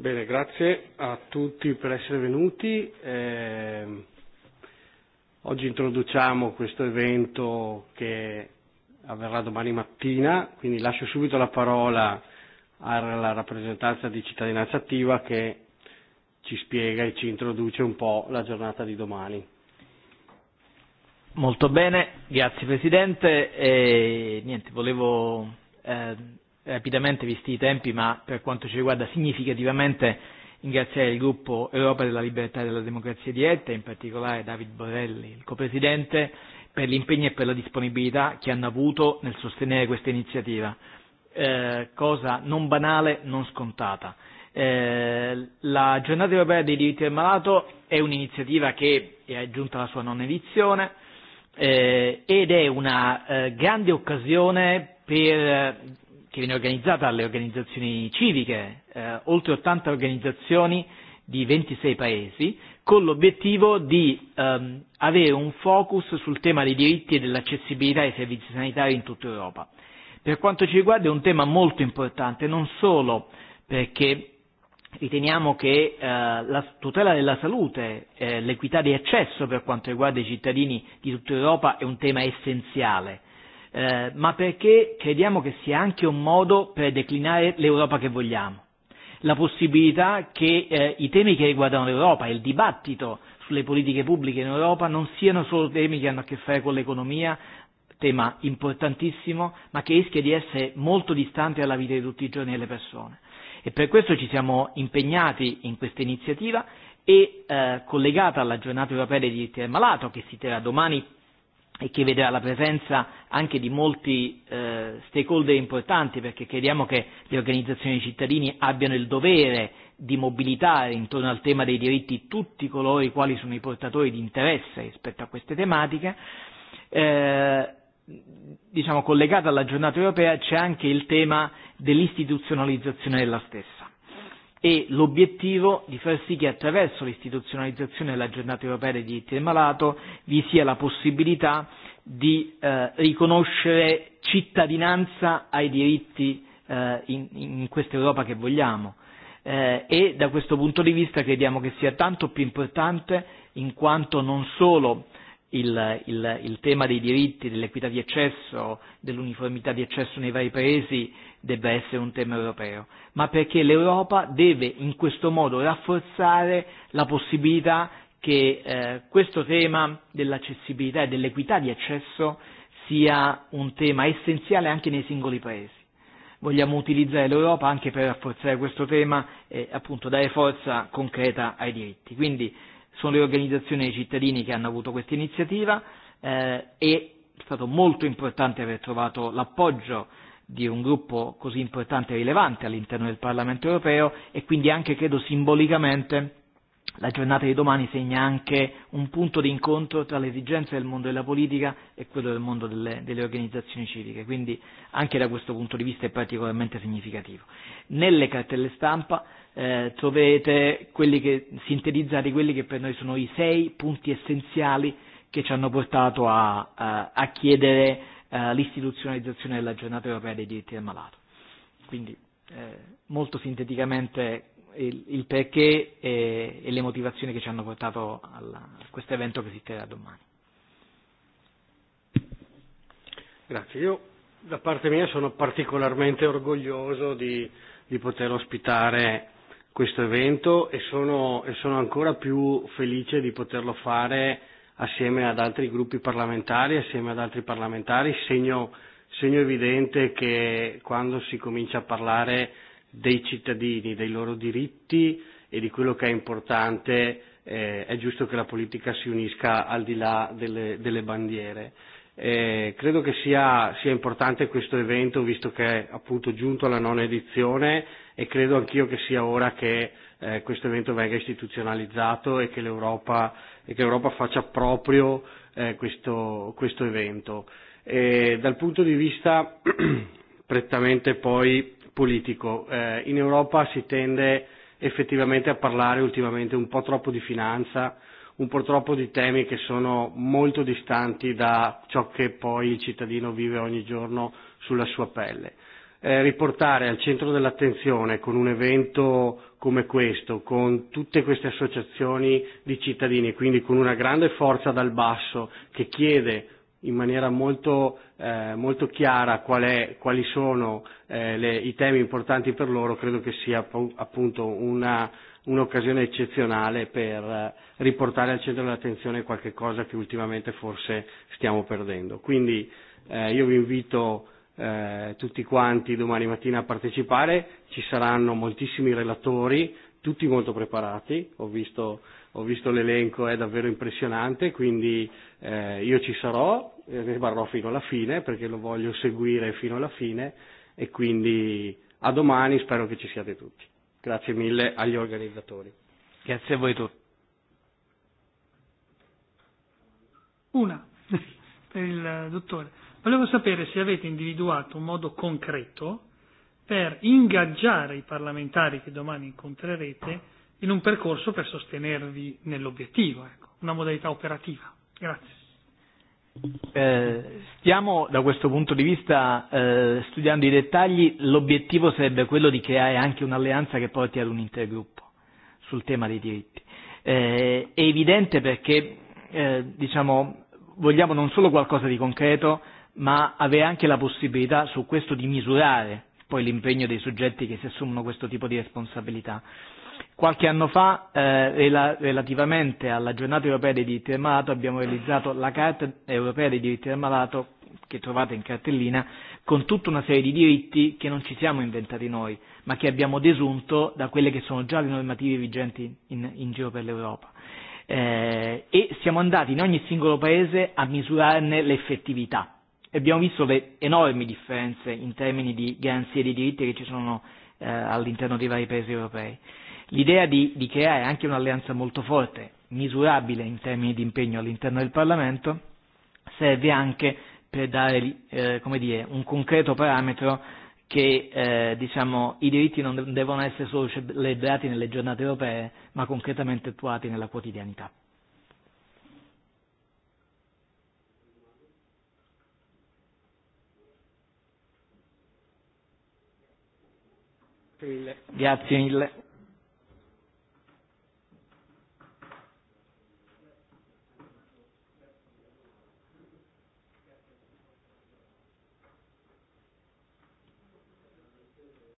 Bene, grazie a tutti per essere venuti. Eh, oggi introduciamo questo evento che avverrà domani mattina, quindi lascio subito la parola alla rappresentanza di Cittadinanza Attiva che ci spiega e ci introduce un po' la giornata di domani. Molto bene, grazie Presidente. E, niente, volevo rapidamente, visti i tempi, ma per quanto ci riguarda significativamente ringraziare il gruppo Europa della Libertà e della Democrazia Diretta, in particolare David Borrelli, il copresidente, per l'impegno e per la disponibilità che hanno avuto nel sostenere questa iniziativa, eh, cosa non banale, non scontata. Eh, la giornata europea dei diritti del malato è un'iniziativa che è giunta alla sua nona edizione eh, ed è una eh, grande occasione per che viene organizzata dalle organizzazioni civiche, eh, oltre 80 organizzazioni di 26 paesi, con l'obiettivo di ehm, avere un focus sul tema dei diritti e dell'accessibilità ai servizi sanitari in tutta Europa. Per quanto ci riguarda è un tema molto importante, non solo perché riteniamo che eh, la tutela della salute, eh, l'equità di accesso per quanto riguarda i cittadini di tutta Europa è un tema essenziale, ma perché crediamo che sia anche un modo per declinare l'Europa che vogliamo. La possibilità che eh, i temi che riguardano l'Europa e il dibattito sulle politiche pubbliche in Europa non siano solo temi che hanno a che fare con l'economia, tema importantissimo, ma che rischia di essere molto distante dalla vita di tutti i giorni delle persone. E per questo ci siamo impegnati in questa iniziativa e eh, collegata alla giornata europea dei diritti del malato, che si terrà domani e che vedrà la presenza anche di molti eh, stakeholder importanti perché crediamo che le organizzazioni dei cittadini abbiano il dovere di mobilitare intorno al tema dei diritti tutti coloro i quali sono i portatori di interesse rispetto a queste tematiche. Eh, diciamo collegata alla giornata europea c'è anche il tema dell'istituzionalizzazione della stessa e l'obiettivo di far sì che attraverso l'istituzionalizzazione della giornata europea dei diritti del malato vi sia la possibilità di eh, riconoscere cittadinanza ai diritti eh, in, in questa Europa che vogliamo. Eh, e da questo punto di vista crediamo che sia tanto più importante in quanto non solo il, il, il tema dei diritti, dell'equità di accesso, dell'uniformità di accesso nei vari paesi debba essere un tema europeo, ma perché l'Europa deve in questo modo rafforzare la possibilità che eh, questo tema dell'accessibilità e dell'equità di accesso sia un tema essenziale anche nei singoli paesi. Vogliamo utilizzare l'Europa anche per rafforzare questo tema e appunto dare forza concreta ai diritti. Quindi sono le organizzazioni dei cittadini che hanno avuto questa iniziativa eh, e è stato molto importante aver trovato l'appoggio di un gruppo così importante e rilevante all'interno del Parlamento europeo e quindi anche credo simbolicamente La giornata di domani segna anche un punto di incontro tra le esigenze del mondo della politica e quello del mondo delle, delle organizzazioni civiche, quindi anche da questo punto di vista è particolarmente significativo. Nelle cartelle stampa eh, troverete quelli che, sintetizzati quelli che per noi sono i sei punti essenziali che ci hanno portato a, a, a chiedere uh, l'istituzionalizzazione della giornata europea dei diritti del malato. Quindi eh, molto sinteticamente il, il perché e, e le motivazioni che ci hanno portato alla, a questo evento che si terrà domani. Grazie. Io da parte mia sono particolarmente orgoglioso di, di poter ospitare questo evento e sono, e sono ancora più felice di poterlo fare assieme ad altri gruppi parlamentari, assieme ad altri parlamentari, segno, segno evidente che quando si comincia a parlare dei cittadini, dei loro diritti e di quello che è importante, eh, è giusto che la politica si unisca al di là delle, delle bandiere. Eh, credo che sia, sia importante questo evento visto che è appunto giunto alla nona edizione e credo anch'io che sia ora che eh, questo evento venga istituzionalizzato e che l'Europa, e che l'Europa faccia proprio eh, questo, questo evento. Eh, dal punto di vista prettamente poi politico. Eh, in Europa si tende effettivamente a parlare ultimamente un po' troppo di finanza, un po' troppo di temi che sono molto distanti da ciò che poi il cittadino vive ogni giorno sulla sua pelle. Eh, riportare al centro dell'attenzione con un evento come questo, con tutte queste associazioni di cittadini, e quindi con una grande forza dal basso che chiede in maniera molto, eh, molto chiara qual è, quali sono eh, le, i temi importanti per loro, credo che sia appunto una, un'occasione eccezionale per riportare al centro dell'attenzione qualche cosa che ultimamente forse stiamo perdendo. Quindi eh, io vi invito eh, tutti quanti domani mattina a partecipare, ci saranno moltissimi relatori, tutti molto preparati, ho visto, ho visto l'elenco, è davvero impressionante, quindi eh, io ci sarò, ne fino alla fine perché lo voglio seguire fino alla fine e quindi a domani spero che ci siate tutti. Grazie mille agli organizzatori. Grazie a voi tutti. Una per il dottore. Volevo sapere se avete individuato un modo concreto per ingaggiare i parlamentari che domani incontrerete in un percorso per sostenervi nell'obiettivo, ecco, una modalità operativa. Grazie. Eh, stiamo da questo punto di vista eh, studiando i dettagli, l'obiettivo sarebbe quello di creare anche un'alleanza che porti ad un intergruppo sul tema dei diritti. Eh, è evidente perché eh, diciamo, vogliamo non solo qualcosa di concreto, ma avere anche la possibilità su questo di misurare poi l'impegno dei soggetti che si assumono questo tipo di responsabilità. Qualche anno fa, eh, relativamente alla giornata europea dei diritti del malato, abbiamo realizzato la Carta europea dei diritti del malato, che trovate in cartellina, con tutta una serie di diritti che non ci siamo inventati noi, ma che abbiamo desunto da quelle che sono già le normative vigenti in, in giro per l'Europa. Eh, e siamo andati in ogni singolo paese a misurarne l'effettività e abbiamo visto le enormi differenze in termini di garanzie dei diritti che ci sono eh, all'interno dei vari paesi europei. L'idea di, di creare anche un'alleanza molto forte, misurabile in termini di impegno all'interno del Parlamento, serve anche per dare eh, come dire, un concreto parametro che eh, diciamo, i diritti non devono essere solo celebrati nelle giornate europee, ma concretamente attuati nella quotidianità. Grazie mille.